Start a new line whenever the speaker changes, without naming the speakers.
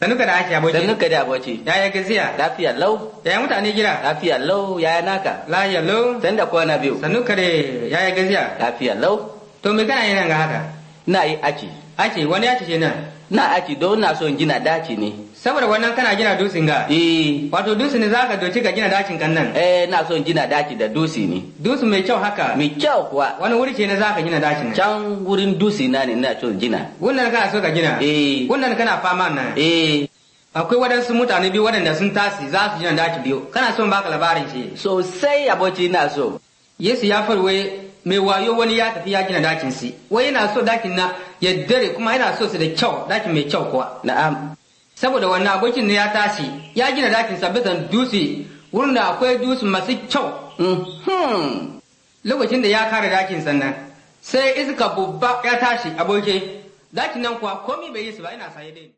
Sanuka da ake aboci. Sanuka da aboci. Yaya gaziya? Lafiya lau. Yaya mutane gida? Lafiya lau. Yaya naka? Lafiya lau. Sanda kwana biyu. Sanuka da yaya gaziya? Lafiya lau. To me kana yi nan ga haka? na yi aci aci wani aci ce na. na aci don na so gina daci ne saboda wannan kana gina dusin ga eh wato dusi ne zaka doci ka gina dacin kan nan eh na so gina daci da dusi ne dusi mai kyau haka mai kyau kuwa wani wuri ce ne zaka gina dacin nan can wurin dusi na ne na so gina wannan kana so ka gina eh wannan kana fama nan eh akwai waɗansu mutane biyu waɗanda sun tasi za su gina daki biyu kana son baka labarin shi sosai aboki na so yesu ya farwe mai wayo wani ya tafi ya gina dakin si wai yana so dakin na ya dare kuma yana so su da kyau dakin mai kyau kuwa na'am saboda wannan abokin ne ya tashi ya gina dakin sa bisan dutse wurin da akwai dusi masu kyau mm-hmm. lokacin da ya kare dakin sannan sai iska babba ya tashi aboki dakin
nan kuwa komi bai yi su ba ina saye dai